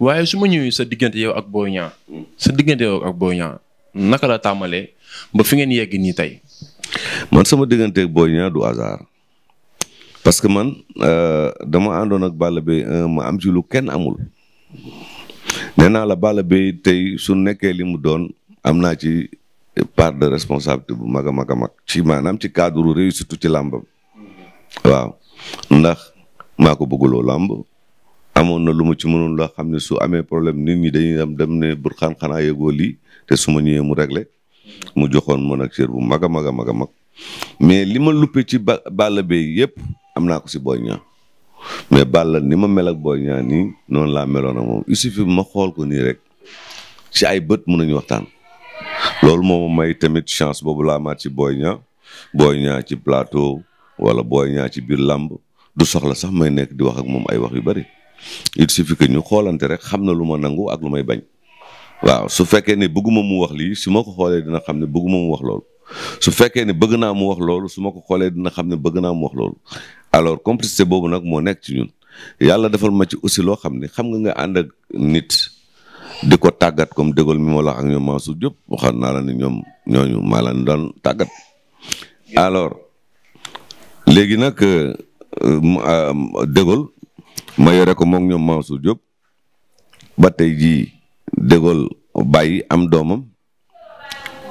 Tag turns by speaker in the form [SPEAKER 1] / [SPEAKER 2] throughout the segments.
[SPEAKER 1] waaye su ma ñëwee sa diggante yow ak Boy Niang sa diggante yow ak Boy naka la tàmbalee ba fi ngeen yegg nii tey.
[SPEAKER 2] man sama diggante ak Boy Niang du hasard parce que man euh, dama àndoon ak Balla Gaye euh, ma am ci lu kenn amul nee la Balla Gaye tey su nekkee li mu doon am naa ci part de responsabilité bu mag a mag a mag ci maanaam ci cadre réussite ci làmbam mm-hmm. waaw ndax maa ko bëggloo làmb amoon na lu ma ci mënoon loo xam ne su amee problème nit ñi dañuy dem dem ne Bourkhane xanaa yëgoo lii te su ma ñëwee mu réglé mu joxoon ma nag cër bu mag a mag a mag a mag mais li ma luppe ci ba Balla Beye yëpp am naa ko si Boy Niang mais Balla ni ma mel booy Boy Niang nii noonu laa meloon ak moom il suffit ma xool ko nii rek si ay bët mën nañu waxtaan loolu moo ma may tamit chance boobu laa maat ci Boy Niang Boy Niang ci plateau wala Boy Niang ci biir làmb du soxla sax may nekk di wax ak moom ay wax yu bari il suffit que ñu xoolante rek xam na lu ma nangu ak lu may bañ waaw su fekkee ne bëgguma mu wax lii su ma ko xoolee dina xam ne bëgguma mu wax loolu su fekkee ne bëgg naa mu wax loolu su ma ko xoolee dina xam ne bëgg naa mu wax loolu alors complicité boobu nag moo nekk ci ñun yàlla defal ma ci aussi loo xam ne xam nga nga ànd ak nit di ko tàggat comme dégal mi ma la ak ñoom Mansour Diop waxoon naa la ni ñoom ñooñu maa leen doon tàggat alors léegi nag euh, euh, dégal ma yore ko moom ñoom Mansour Diop ba tey jii dégool bàyyi am doomam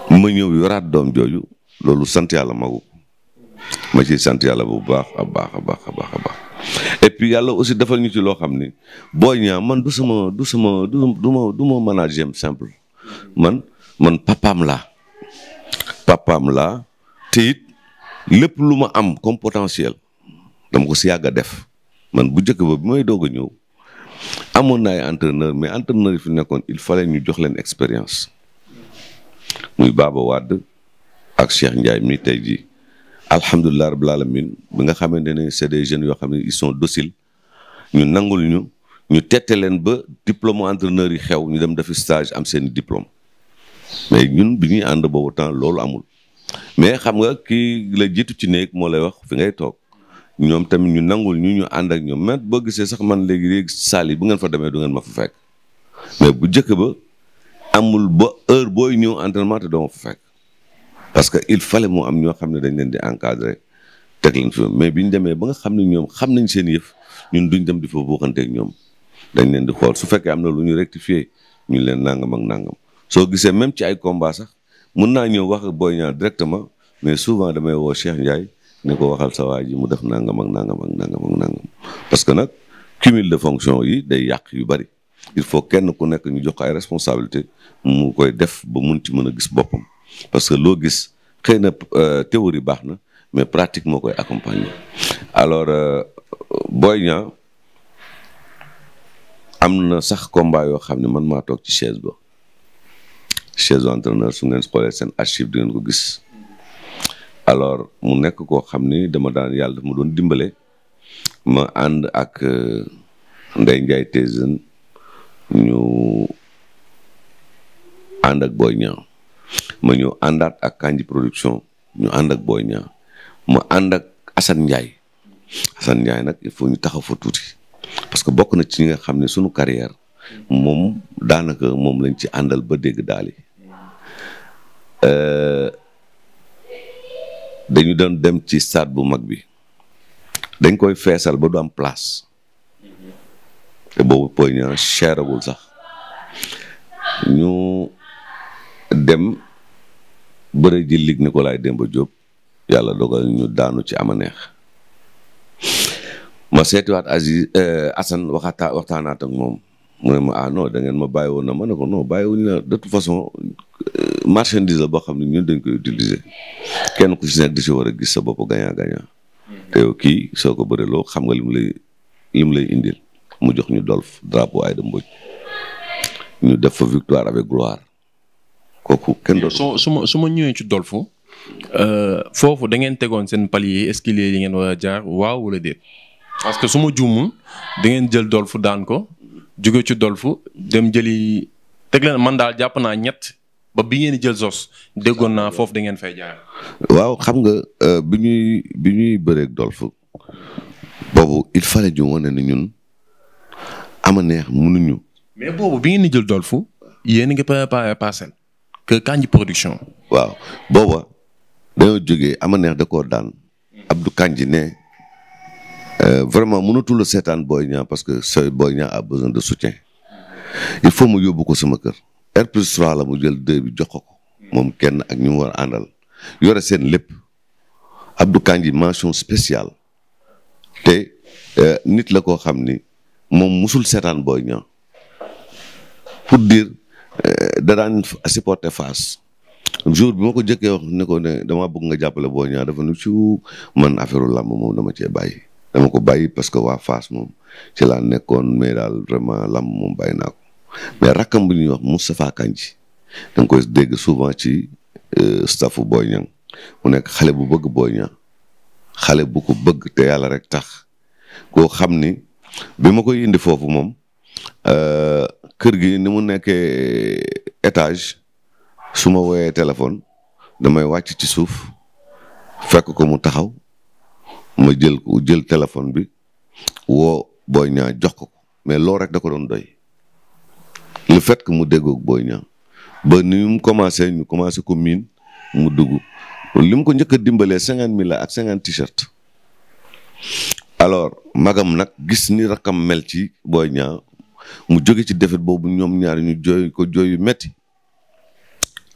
[SPEAKER 2] ma ñëw yoraat doom jooju loolu sant yàlla magu ma ciy sant yàlla bu baax a baax a baax a yàlla aussi defal ñu ci loo xam ni booy ñaa man du sama du sama du ma du ma manager simple man man papaam laa papam laa te it lépp lu ma am comme potentiel dama ko si yàgg a def man bu njëkk ba bi may doog a ñëw amoon na ay entraîneur mais entraîneur yi fi nekkoon il fallait ñu jox leen expérience muy Baba Wade ak Cheikh Ndiaye mi tey jii alhamdulilah rabbil alamin bi nga xamante ne c'est des jeunes yoo xam ne ils sont dociles ñu nangul ñu ñu tette leen ba diplôme entraîneur yi xew ñu dem defi stage am seen diplôme mais ñun bi ñuy ànd boobu temps loolu amul mais xam nga kii la jitu ci néeg moo lay wax fi ngay toog ñoom tamit ñu nangul ñu ñu ànd ak ñoom mais boo gisee sax man léegi léegi saal bu ngeen fa demee du ngeen ma fa fekk mais bu njëkk ba amul ba heure booy ñëw entraînement te doo ma fa parce que il fallait moo am ñoo xam ne dañ leen di encadrer teg leen fi mais bi ñu demee ba nga xam ne ñoom xam nañ seen yëf ñun duñ dem di fa bokkanteeg ñoom dañ leen di xool su fekkee am na lu ñu rectifier ñu leen nangam ak nangam soo gisee même ci ay combat mën naa ñëw wax booy ñaar directement mais souvent damay woo Cheikh Ndiaye. ne ko waxal sa waa ji mu def nangam ak nangam ak nangam ak nangam parce que nag cumul de fonction yi day yàq yu bari il faut kenn ku nekk ñu jox ay responsabilité mu koy def ba mun ci mën a gis boppam parce que loo gis xëy na euh, théorie baax na mais pratique moo koy accompagner alors euh, Boy Niang am na sax combat yoo xam ne man maa toog ci chaise ba chaise entraîneur su ngeen xoolee seen archive di ngeen ko gis alors mu nekk koo xam ni dama daan yàlla mu doon dimbale ma ànd ak euh, Ndeye Ndiaye Tézen ñu ànd ak Boy Niang ma ñëw àndaat ak Kanji production ñu ànd ak Boy Niang ma ànd ak Assane Ndiaye Assane Ndiaye nag il faut ñu taxaw fa tuuti parce que bokk na ci ñi nga xam ne sunu carrière moom daanaka moom lañ ci àndal ba dégg daali yi. Euh, dañu doon dem ci stade bu mag bi dañ koy feesal ba du am place te boobu Boy Niang cheragul sax ñu dem bëre ji lig Nicolas Demba Diop yàlla dogal ñu daanu ci ama neex ma seetiwaat Aziz eh, Assane waxata waxtaanaat ak moom mu ne ma ah non da ngeen ma bàyyi woon na ma ne ko non bàyyiwuñ la façon marchandise la boo xam ne ñun dañ koy utiliser kenn ku si nekk di si war a gis sa bopp gagnant gagnant te yow kii soo ko bëree loo xam nga lim lay lim lay indil mu jox ñu Dolf drapeau Aïda Mbodj ñu def
[SPEAKER 1] kenn doon. su ma su ma ñëwee ci Dolf euh, foofu da ngeen tegoon seen palier escalier yi ngeen war a jaar waaw wala déet parce que su ma juumul da ngeen jël Dolf daan ko jóge ci Dolf dem jëli teg leen man daal jàpp naa ñett. ba bi ngeen di jël Zos déggoon naa foofu da ngeen fay jaar.
[SPEAKER 2] waaw xam nga euh, bi ñuy bi ñuy bëreeg Dolf boobu il fallait ñu wane ne ñun ama neex ñu
[SPEAKER 1] mais boobu bi ngeen di jël Dolf yéen a ngi préparé parcelle que Kandji production.
[SPEAKER 2] waaw booba dañoo jógee ama neex da ko daan. Abdou Kandji ne euh, vraiment mënatul a seetaan booy Niang parce que sa Boy Niang a besoin de soutien il faut mu yóbbu ko sama kër. R plus 3 la mu jël bi jox ko moom kenn ak ñu war a àndal yore seen lépp Abdou Kandji mention spéciale te euh, nit la koo xam ni moom musul seetaan booy Niang pour dire euh, da daan supporter Fass jour bi ma ko jëkkee ne ko ne damaa bëgg nga jàppale Boy Niang dafa nu ci man affaire làmb moom dama cee bàyyi dama ko bàyyi parce que waa fas moom ci laa nekkoon mais daal vraiment làmb moom bàyyi naa ko mais rakkam bu ñuy wax Moustapha Kandji da nga koy dégg souvent ci euh, staffu Boy Niang mu nekk xale bu bëgg Boy Niang xale bu ko bëgg te yàlla rek tax koo xam ni bi ma koy indi foofu moom euh, kër gi ni mu nekkee étage su ma woowee téléphone damay wàcc ci suuf fekk ko mu taxaw ma jël jël téléphone bi woo booy Niang jox ko mais loolu rek da ko doon doy fait que mu déggoog booy Niang ba ni mu commencé ñu commencé ko miin mu dugg li mu ko njëkk a dimbalee cinquante mille ak cinquante t-shirt alors magam nag gis ni rakam mel ci Boy ñaa mu jóge ci defet boobu ñoom ñaar ñu jooy ko jooy yu metti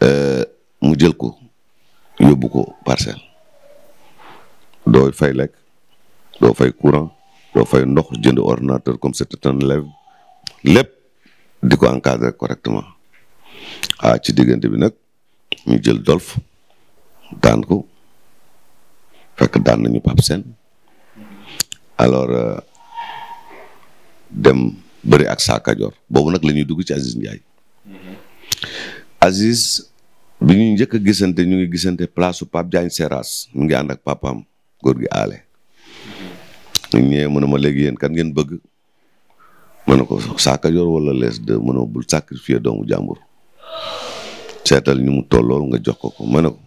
[SPEAKER 2] euh, mu jël ko yóbbu ko parcelle doo fay lekk doo fay courant doo fay ndox jënd ordinateur comme c'était un élève lépp di ko encadrer correctement a ah, ci diggante bi nag ñu jël Dolf daan ko fekk daan nañu Pape Sène alors euh, dem bëri ak saa Kajoor boobu nag la ñuy dugg ci Aziz Ndiaye mm-hmm. Aziz bi ñu njëkk a gisante ñu ngi gisante place su Pape Diagne mu ngi ànd ak papaam góor gi aale mm-hmm. ñu ñëwee mu ne ma léegi yéen kan ngeen bëgg ma ne ko Sa Kajoor wala Less 2 ma bul sacrifier doomu jàmbur seetal ñu mu tollool nga jox ko ko ma ne ko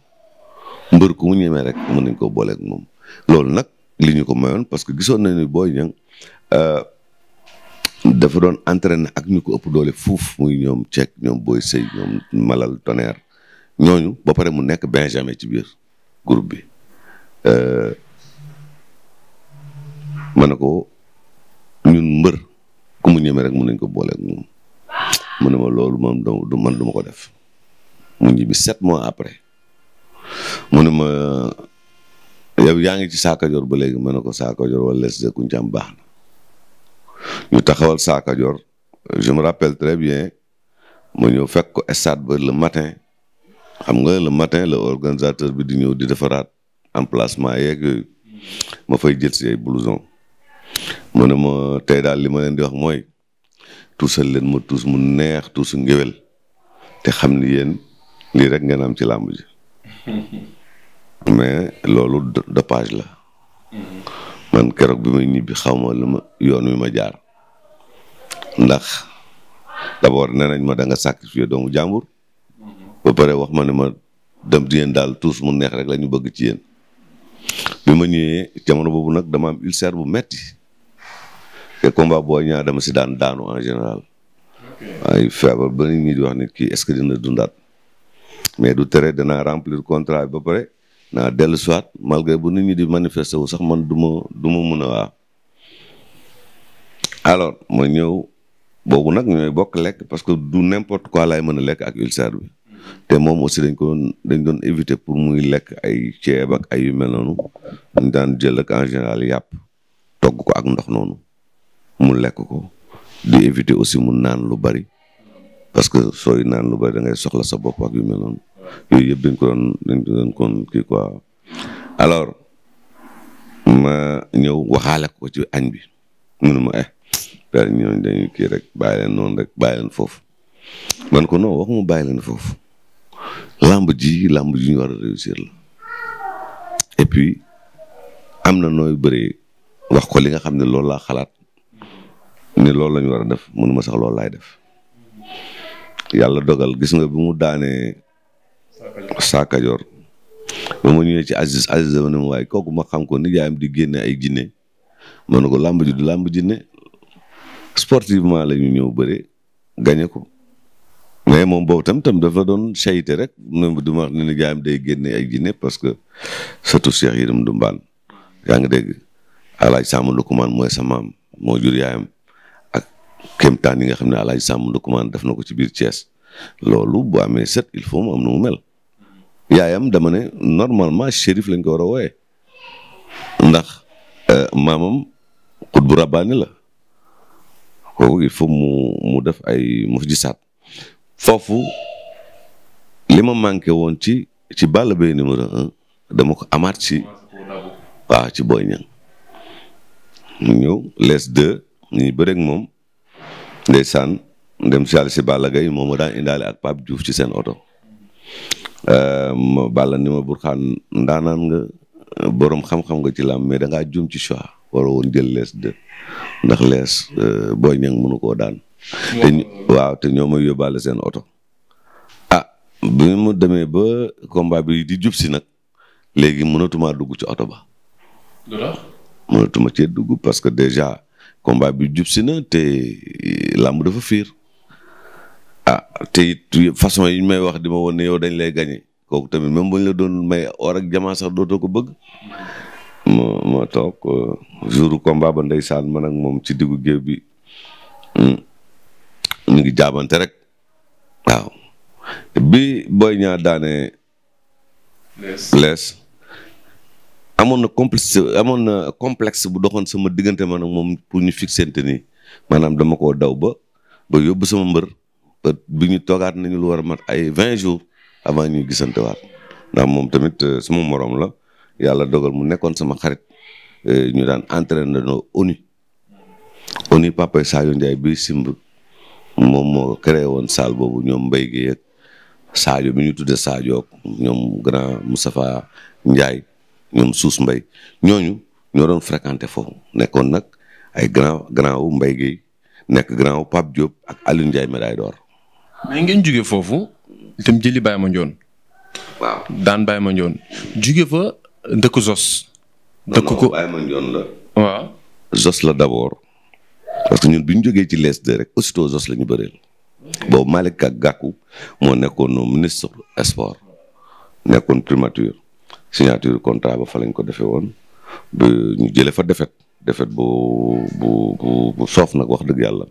[SPEAKER 2] mbër ku mu ñemee rek mën nañ koo booleeg moom loolu nag li ñu ko mayoon parce que gisoon nañu ni Boy Niang euh, dafa doon entraîné ak ñu ko ëpp doole fuuf ñoom Cheikh ñoom Boy Sey ñoom Malal ñooñu ba pare mu nekk Benjamin ci biir groupe bi euh, ma ne ko ñun mbër ku mu ñeme rek mën nañ ko booleeg mu ne ma loolu moom du man du ma ko def mu ñibbi sept mois après mu ne ma yow yaa ngi ci Sakajor ba léegi ma ne ko Sakajor wala les de Koundiam baax na ñu taxawal Sakajor je me rappelle très bien ma ñëw fekk ko stade ba le matin xam nga le matin le organisateur bi di ñëw di defaraat emplacement yeeg yooyu ma fay jël si ay blouson mu ne ma tey daal li ma leen di wax mooy tuusal leen ma tuus mu neex tuusu ngéwél te xam ni yéen lii rek ngeen am ci làmb ji mais loolu dopage la man keroog bi may bi xaw ma lu ma yoon wi ma jaar ndax da d'abord nee nañ ma da nga sacrifier doomu jàmbur ba pare wax ma ne ma dem di yéen daal tuus mu neex rek la ñu bëgg ci yéen bi ma ñëwee jamono boobu nag dama am ulcère bu metti te combat Boy Niang dama si daan daanu en général. ay feebar ba nit ñi di wax nit ki est-ce que dina dundaat. mais du tere dana remplir contrat bi ba pare naa dellu soit malgré bu nit ñi di manifester wu sax man du ma du ma mën a waa. alors ma ñëw boobu nag ñooy bokk lekk parce que du n'importe quoi laay mën a lekk ak ulcère bi. te moom aussi dañ ko dañ doon éviter pour muy lekk ay ceeb ak ay yu mel noonu daan jël ak en général yàpp togg ko ak ndox noonu. mu lekk ko di éviter aussi mu naan lu bari parce que sooy naan lu bari da soxla sa bopp ak yu mel noonu yooyu yëpp dañ ko doon dañ ko doon kon kii quoi alors ma ñëw waxaale ko ci añ bi munuma eh daal ñooñu dañuy kii rek bàyyi leen noonu rek bàyyi leen foofu man ko non waxuma bàyyi leen foofu làmb ji làmb ji ñu war a la et puis am na nooy bëree wax ko li nga xam ne loolu laa xalaat ne loolu lañu war a def mënuma sax loolu laay def yàlla dogal gis nga bi mu daanee saakajoor ba ma ñëwee ci Aziz Aziz dama ne ma waaye kooku ma xam ko ni jaayam di génne ay jinne ma ne ko làmb ji du làmb jinne sportivement la ñu ñëw bëre gañe ko mais moom boobu tam tam dafa doon sayte rek même du jaayam day génne ay jinne parce que surtout Cheikh Yérim Ndoumban yaa ngi dégg alaaj Samba Ndokumane mooy sa maam moo jur yaayam kéemtaan yi nga xam ne Alaaji Samb Ndoukoumane def na ko ci biir Thiès loolu bu amee set il faut mu am nu mu mel yaayam dama ne normalement shérif lañ ko war a wooyee ndax euh, maamam xutbu rabbaani la kooku il faut mu def ay mujjisaat foofu li ma manqué woon ci ci Balla Gaye numéro un dama ko amaat ci waaw ci Boy Niang mu les deux ñu bëreeg moom ndeysaan dem si yàlla si Balla yi moom ma daan indaale ak Pape Diouf ci seen oto euh, Balla ni ma Bourkhane ndaanaan nga borom xam-xam nga ci làmb mais da ngaa jum ci choix waroo woon jël lees de ndax lees euh, booy ñang mënu koo daan. te waaw te ñoo may yóbbaale seen oto. ah bi mu demee ba combat yi di jub si nag léegi mënatumaa dugg ci oto ba. mënatuma cee dugg parce que déjà combat bi jub te eh, làmb dafa fiir ah te it façon yi ñu may wax di ma woon ne dañ lay gagné kooku tamit même buñ la doon may or jamaa sax dootoo ko bëgg. moo moo toog eh, jour combat ba ndeysaan man ak moom ci diggu géew bi hmm, ñu ngi jaabante rek waaw bi Boy Niang daane lees amoon na complexe amoon na complexe bu doxoon sama diggante man ak moom pour ñu fixente ni maanaam dama ko daw ba ba yóbbu sama mbër bi ñu toogaat nañu lu war a mat ay vingt jour avant ñuy gisante waat ndax moom tamit euh, sama moroom la yàlla dogal mu nekkoon sama xarit euh, ñu daan entraîné no ONU ONU papa Sadio Ndiaye bi simb moom moo créé woon salle boobu ñoom mbéy gi ak Sadio bi ñu tudde Sadio ñoom grand Moustapha Ndiaye ñoom suus mbay ñooñu ñoo doon fréquenté foofu nekkoon nag ay grand grand mbay gi nekk grand wu Pape Diop ak Alioune Ndiaye médaille d'or.
[SPEAKER 1] mais ngeen jóge foofu dem jëli Baye Mandione. waaw daan Baye Mandione jóge fa dëkk Zos. dëkk ko Baye Mandione la. waaw Zos la d'abord
[SPEAKER 2] parce que ñun bi ñu jógee ci les deux rek aussitôt Zos la ñu bëreel. boobu Malick Gakou moo nekkoon ministre sport nekkoon primature. signature contrat ba fa lañ ko defee woon ba ñu jëlee fa defet defet bu bu soof nag wax dëgg yàlla.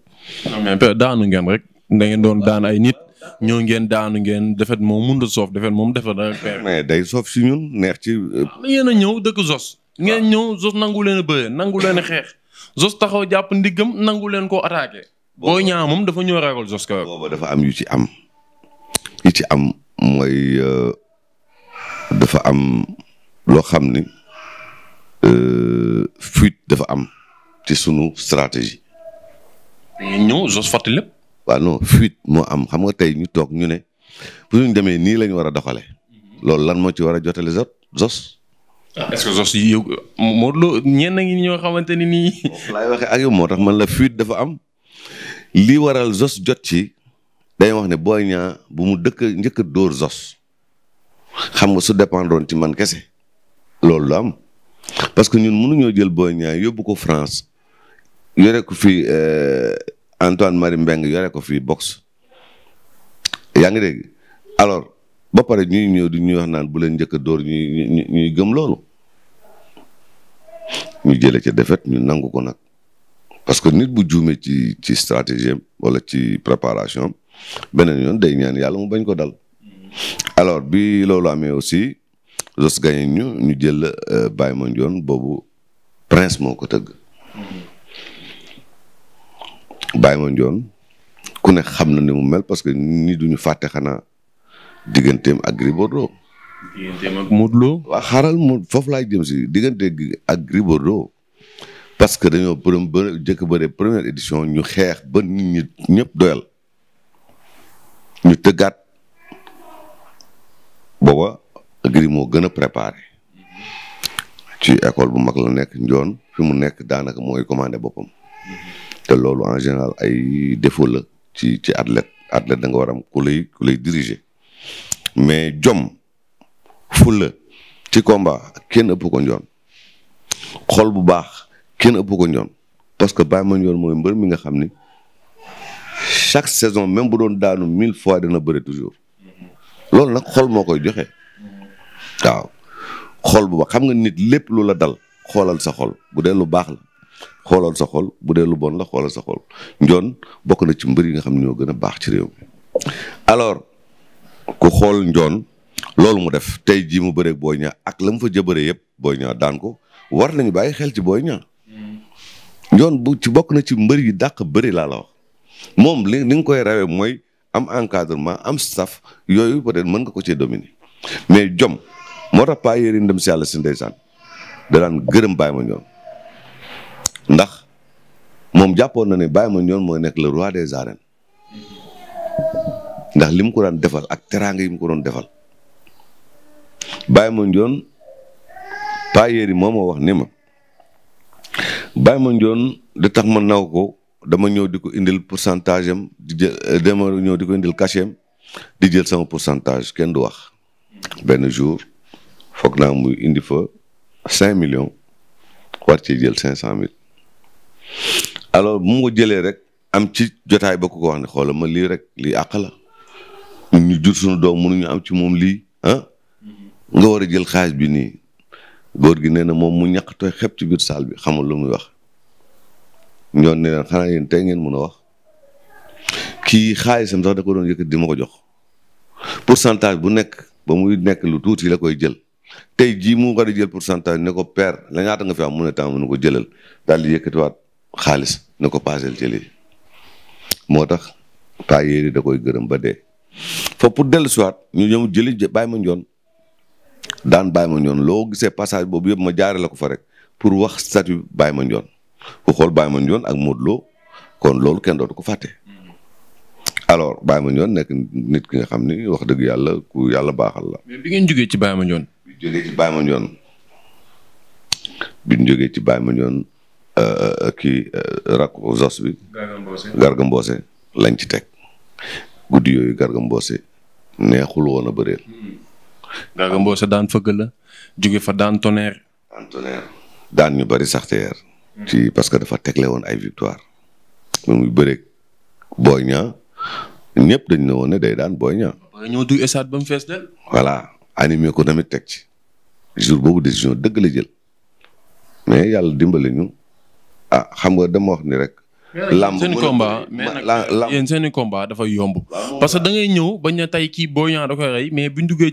[SPEAKER 1] mais daanu ngeen rek da ngeen doon daan ay nit ñëw ngeen daanu ngeen defet moom mënut soof defet moom defet rek. mais day soof si ñun neex ci. Euh, yéen a ñëw dëkk sos ngeen ñëw Zos nangu leen a nangu leen a xeex sos taxaw jàpp ndiggam nangu leen ko attaqué. boo ñaa moom dafa ñëw ragal Zos ka booba dafa
[SPEAKER 2] am yu ci am ci am mooy. Euh, dafa am loo xam ni euh, fuite dafa am ci sunu stratégie.
[SPEAKER 1] ñëw jos fàttali lépp.
[SPEAKER 2] waaw non fuite moo am xam nga tey ñu toog ñu ne bu ñu demee nii lañ war a doxalee. loolu lan moo ci war a jotale zot zos.
[SPEAKER 1] Ah, est ce que ñoo xamante ni nii. laay waxee
[SPEAKER 2] ak yow man la fuite dafa am li waral zos jot ci. dañuy wax ne Boy Niang bu mu dëkk njëkk dóor zos. xam nga su dépendroon ci man kese loolu la am parce que ñun mënuñoo jël Boy Niang yóbbu ko France yore ko fii euh, Antoine Marie Mbengue yore ko fii boxe yaa ngi dégg alors ba pare ñuy ñëw di ñuy wax naan bu leen njëkk a dóor ñuy ñuy gëm loolu ñu jëlee ca défaite ñu nangu ko nag parce que nit bu juumee ci ci stratégie wala ci préparation beneen yoon day ñaan yàlla mu bañ ko dal. alors bii loolu amee aussi Zoss gagné ñu ñu jël euh, Baye Mandione boobu Prince moo ko tëgg. Baye Mandione ku ne xam na ni mu mel parce que nii duñu fàtte xana digganteem ak Gris Bordeaux. digganteem ak Modou Lo. waaw mu foofu laay jëm si diggante ak Gris parce que dañoo përëm ba jëkk bëre première édition ñu xeex ba nit ñi ñëpp doyal ñu tëggaat. booba Gris moo gën a préparé ci école bu mag la nekk njoon fi mu nekk daanaka mooy commandé boppam te loolu en général ay défaut la ci ci athlète athlète da nga war am ku lay ku lay mais jom fula ci combat kenn ëpp ko njoon xol bu baax kenn ëpp ko njoon parce que ma Mandione mooy mbër mi nga xam ni chaque saison même bu doon daanu mille fois dina bëre toujours loolu nag xol moo koy joxe waaw xol bu baax xam nga nit lépp lu la dal xoolal sa xol bu dee lu baax la xoolal sa xol bu dee lu bon la xoolal sa xol njoon bokk na ci mbër yi nga xam ne ñoo gën a baax ci réew alors ku xool njoon loolu mu def tey jii mu bëreeg Boy Niang ak la mu fa jëbëree yëpp booy Niang daan ko war nañu bàyyi xel ci booy Niang njoon bu ci bokk na ci mbër yi dàq bëri laa la wax moom li li nga koy rawee mooy am encadrement am staff yooyu peut-être mën nga ko cee dominer mais jom moo tax paa yéri ndem si yàlla si ndeysaan da daan gërëm Baye Mandione ndax moom jàppoon na ne ma Mandione mooy nekk le roi des arènes ndax li mu ko daan defal ak teraanga yi mu ko doon defal Baye Mandione paa yéri moo ma wax ni ma Baye Mandione da tax ma naw ko dama ñëw di ko indil pourcentage am di jël eh, ñëw di ko indil cachet di jël sama pourcentage kenn du wax benn jour foog naa muy indi fa cinq millions war ci jël cinq cent mille alors bu mu ko jëlee rek am ci jotaay ba ko ko wax ne xoola ma lii rek lii àq la ñu jur suñu doom mënuñu am ci moom lii ah nga war a jël xaalis bi nii góor gi nee na moom mu ñàkk tooy xepp ci biir saal bi xamul lu muy wax njoon ne leen xanaa yéen tey ngeen mën a wax kii xaalisam sax da ko doon yëkkati di ma ko jox pourcentage bu nekk ba muy nekk lu tuuti la koy jël tey jii mu war a jël pour pourcentage ne ko per la ñaata nga fi am mu ne tam mu nu ko jëlal daal di yëkkatiwaat xaalis ne ko paaseel jëlee moo tax paa yéeri da koy gërëm ba dee. foofu pour dellu siwaat ñu ñëw jëli bàyyi ma njoon daan bàyyi ma njoon loo gisee passage boobu yëpp ma jaare la ko fa rek pour wax statut bàyyi ma njoon ku xool Baye Mandione ak Modou Lo kon loolu kenn dootu ko fàtte. alors Baye Mandione nekk nit ki nga xam ni wax dëgg yàlla ku yàlla baaxal la. mais bi ngeen jógee ci Baye Mandione. bi ñu jógee ci bi ñu jógee ci Baye Mandione euh, euh, kii euh, rakku Zos bi. lañ ci teg guddi yooyu Garga Mbossé
[SPEAKER 1] neexul woon bëreel. Hmm. Garga Mbossé daan fëgg la jóge fa daan tonnerre.
[SPEAKER 2] daan ñu bari sax ci parce que dafa tegle woon ay victoire. ba muy bëreeg Boy dañ ne woon ne day daan Boy Niang.
[SPEAKER 1] ñoo duy stade fees del.
[SPEAKER 2] voilà animé ko tamit teg ci. jour boobu décision dëgg la jël mais yàlla dimbali ñu ah xam nga dama wax ni rek.
[SPEAKER 1] lamb seen combat mais nag yéen seen i combat dafa yomb. parce que da ngay ñëw bañ na tey ci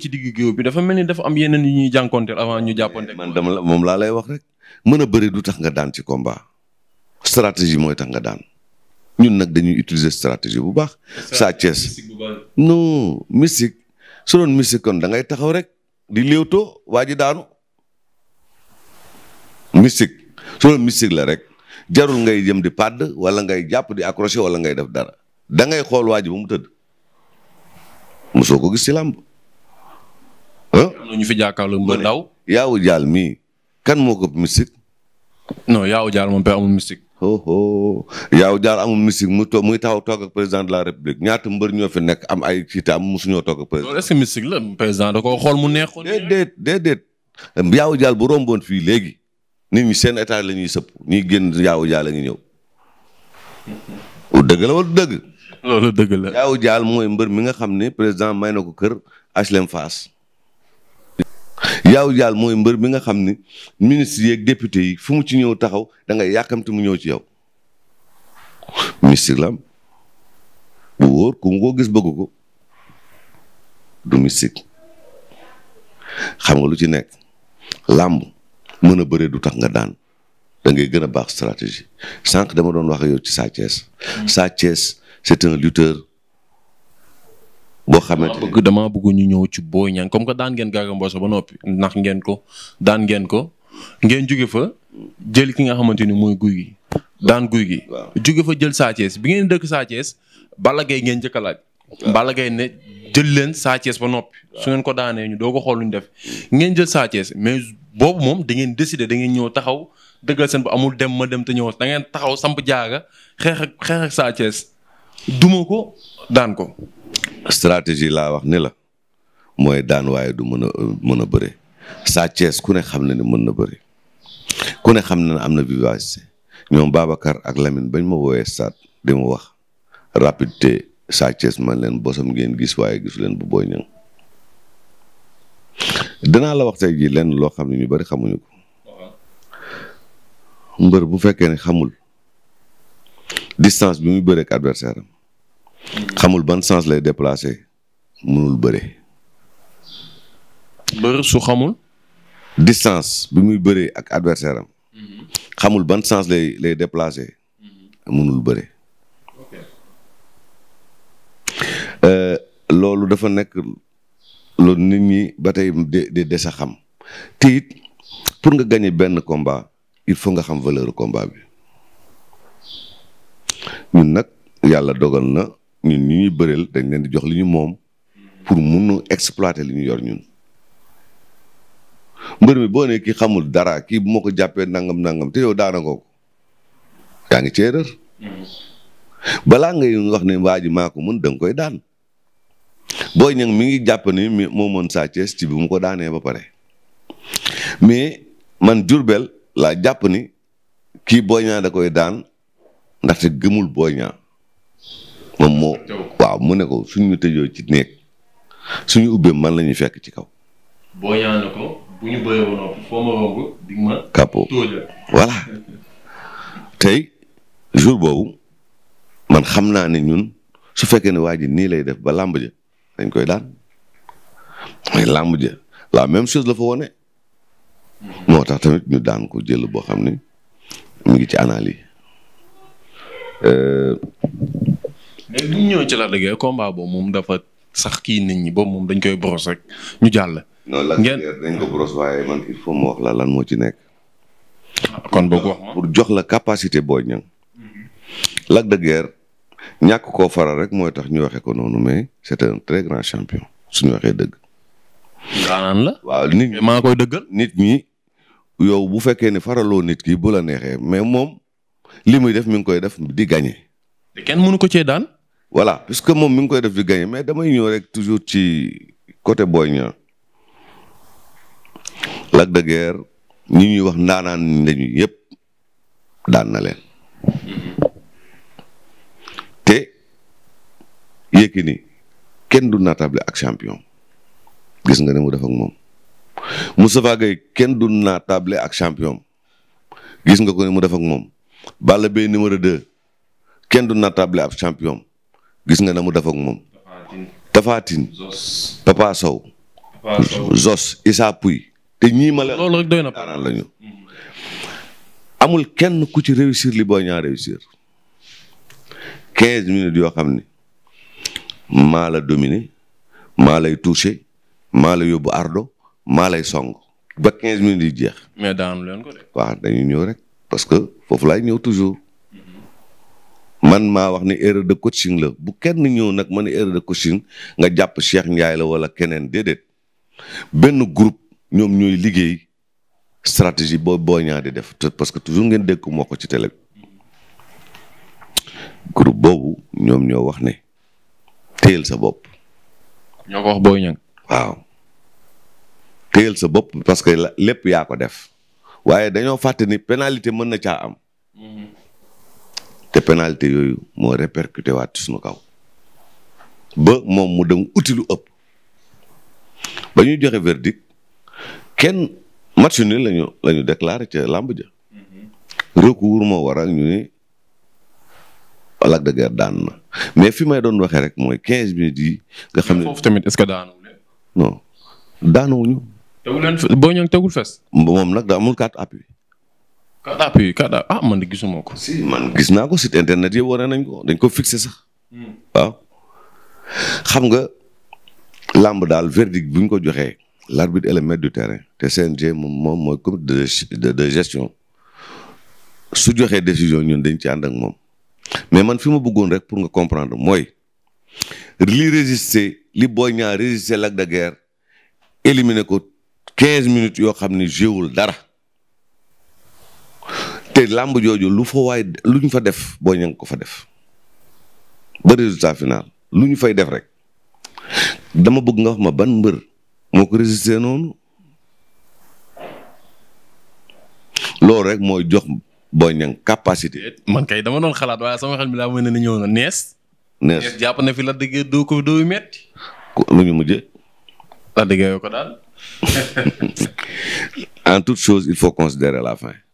[SPEAKER 1] digg géew bi dafa mel ni dafa am yeneen yu ñuy jànkonteel avant ñu jàppante. man
[SPEAKER 2] dama moom laa lay wax rek. mën a bari du tax nga daan ci komba stratégie mooy tax nga daan ñun nag dañuy utiliser stratégie bu baax. Sa Thiès non mystique doon mystique kon da ngay taxaw rek di léewtoo waa ji daanu mystique su doon mystique la rek jarul ngay jëm di pàdd wala ngay jàpp di accroché wala ngay def dara da ngay xool waa ji ba mu tëdd mosoo ko gis ci làmb. am na
[SPEAKER 1] ñu fi jàkkaarloo mbër daw
[SPEAKER 2] yaawu jaal mii. kan moo ko mystique. non Yawou Diar moom amul mystique. oh oh Yawou Diar amul mystique mu toog muy taxaw toog ak président de la république ñaata mbër ñoo fi nekk am ay ciitaam mosuñoo toog ak président.
[SPEAKER 1] loolu est-ce que mystique président da koo xool mu neex ko.
[SPEAKER 2] déedéet déedéet Yawou Diar bu romboon fii léegi nit ñi seen état la ñuy sëpp ñuy génn Yawou Diar la ñuy ñëw. dëgg la wala dëgg. loolu dëgg la Yawou mooy mbër mi nga xam ne président may na ko kër HLM Fass. yaaw jaal mooy mbër mi nga xam ni ministre yeeg député yi fu mu ci ñëw taxaw da ngay yàkkamte mu ñëw ci yow mystique la bu wóor ku mu gis bëgg ko du mystique xam nga lu ci nekk làmb mën a bëree du tax nga daan da ngay gën a baax stratégie sànq dama doon wax yow ci Sa Thiès
[SPEAKER 1] Sa Thiès c'est un lutteur boo xamante ni damaa bëgg ñu ñëw ci Boy Niang comme que daan ngeen Garga Mbossé ba noppi ndax ngeen ko daan ngeen ko ngeen jóge fa jël ki nga xamante ni mooy guy gi daan guy gi. jóge fa jël Sa bi ngeen dëkk Sa Thiès Balla Gaye njëkk a Balla Gaye ne jël leen Sa ba noppi. su ngeen ko daanee ñu doo ko xool lu ñu def ngeen jël Sa mais boobu moom da ngeen décider da ngeen ñëw taxaw dëggal seen bu amul dem ma dem te ñëw da taxaw samp jaaga xeex ak xeex ak duma ko daan ko.
[SPEAKER 2] stratégie laa wax ni la mooy daan waaye du mën a euh, mën a bëre Sa ku ne xam na ni mën na bëre ku ne xam na ne am na vivacité ñoom Babacar ak Lamine bañ ma woowee saat di mu wax rapidité Sa Thiès man leen bosam ngeen gis waaye gisu leen bu Boy Niang danaa la wax tey jii lenn loo xam ne ñu bari xamuñu ko mbër bu fekkee ne xamul distance bi mu bëreek adversaire am xamul ban sens lay déplacé mënul bëre. su xamul. distance bi muy bëree ak adversaire mhm. xamul ban sens lay lay déplacé. Mhm. mënul bëre. Euh, loolu dafa nekk loolu nit ñi ba tey de des sa xam te pour nga gagner benn combat il faut nga xam valeur combat bi ñun nag yàlla dogal na. ñun ñu ñuy bëreel dañ leen di jox li ñu moom pour mun exploiter li ñu yor ñun. mbër mi boo ki xamul dara kii bu ma ko jàppee nangam nangam te yow daana ko yaa ngi ceerar balaa ngay wax ni waa ji maa ko mën da koy daan booy ñang mi ngi jàpp ni moo mën Sa Thiès ci bi mu ko daanee ba pare mais man Jurbel laa jàpp ni kii Boy Niang da koy daan ndaxte gëmul Boy moom moo waaw mu ne ko suñ ñu tëjoo ci néeg suñu ubbee man la ñuy fekk ci kaw.
[SPEAKER 1] boo ñaanal ko bu
[SPEAKER 2] tey jour boobu man xam naa ne ñun su fekkee ne waa ji nii lay def ba làmb ja dañ koy daan mooy làmb ja la même chose la fa wone mhm. moo tax tamit ñu daan ko jël boo xam ni mu ngi ci anaal yi.
[SPEAKER 1] Euh, léegi bu ñu ñëwee ci Lac de boobu moom dafa sax kii nit ñi boobu moom dañ koy brosse rek ñu jàll. noonu Lac
[SPEAKER 2] waaye man il faut ma la lan moo ci nekk. Ah, kon boog wax pour jox la capacité boo Niang. Lac de Guiers ñàkk ko faral rek mooy tax ñu waxee ko noonu mais c'est un très grand champion suñu waxee dëgg.
[SPEAKER 1] daanaan la. waaw
[SPEAKER 2] nit ñi maa koy dëggal. nit ñi yow bu fekkee ne faraloo nit ki bu la neexee mais moom li muy def mi ngi koy def di gagné. te kenn mënu ko cee daan. voilà que moom mi ngi koy def di gagné mais dama ñëw rek toujours ci côté booy Niang Lac de Guiers ñi ñuy wax ndaanaan lañu yëpp daan na te Yékini kenn du naatable ak champion gis nga ne mu def ak moom Moustapha Gueye kenn du naatable ak gis nga ko ne mu def ak moom Balla numéro deux kenn du naatable ak champion gis nga na mu def ak moom. Tafatine. Zos Sow. Papa Sow Zos te ñii ma la. loolu rek doy na daanaan lañu amul kenn ku ci réussir li boo ñaa réussir quinze minutes yoo xam ni maa la dominer maa lay toucher maa la yóbbu ardo maa lay song ba quinze minutes yi jeex.
[SPEAKER 1] mais daanu leen
[SPEAKER 2] dañuy ñëw rek parce que foofu laay ñëw toujours. man maa wax ne erreur de coaching la bu kenn ñëw nag man erreur de coaching nga jàpp Cheikh Ndiaye la wala keneen déedéet benn groupe ñoom ñooy liggéey stratégie boo boo ñaa def parce que toujours ngeen dégg moo ko ci télé boobu ñoom ñoo wax ne téyel sa bopp. ñoo ko wax booy ñang waaw téyel sa bopp parce que lépp yaa ko def waaye dañoo fàtte ni pénalité mën na caa am. Mm-hmm. pénalité yooyu moo répercuté waat suñu kaw ba moom mu dem uti lu ëpp ba ñuy joxe verdict kenn match nul lañu la ñu déclaré ca làmb ja mm-hmm. recours moo waral ñu ne Lac de Guiers daan mais fi may doon waxee rek mooy quinze minutes yi nga xam ne foofu tamit est-ce que daanuwul non daanuwuñu. boo ñëw tegul fes. moom nag daa amul carte appui. carte d'appui carte ah man de gisuma ko. si man gis naa ko site internet yëpp wane nañ ko dañ ko fixé sax. Hmm. waaw nga làmb daal verdict biñ ko joxee. l'arbitre est le maître du terrain te CNG moom moom mooy comité de de gestion su joxee décision ñun dañ ci ànd ak moom mais man fi ma buggoon rek pour nga comprendre mooy li résister li Boy Niang résister Lac de Guiers éliminer ko 15 minutes yoo xam ni jéewul dara. te làmb jooju lu fa lu ñu fa def boo ña ko fa def ba résultat final lu ñu fay def rek dama bëgg nga wax ma ban mbër moo ko résister noonu loolu rek mooy jox boo ña capacité. man
[SPEAKER 1] kay dama doon xalaat waaye sama xel mi laa mel ne ñëw na nees. nees jàpp na fi la déggee doo ko doo metti
[SPEAKER 2] lu ñu mujjee. la déggee ko daal. en toute chose il faut considérer la fin.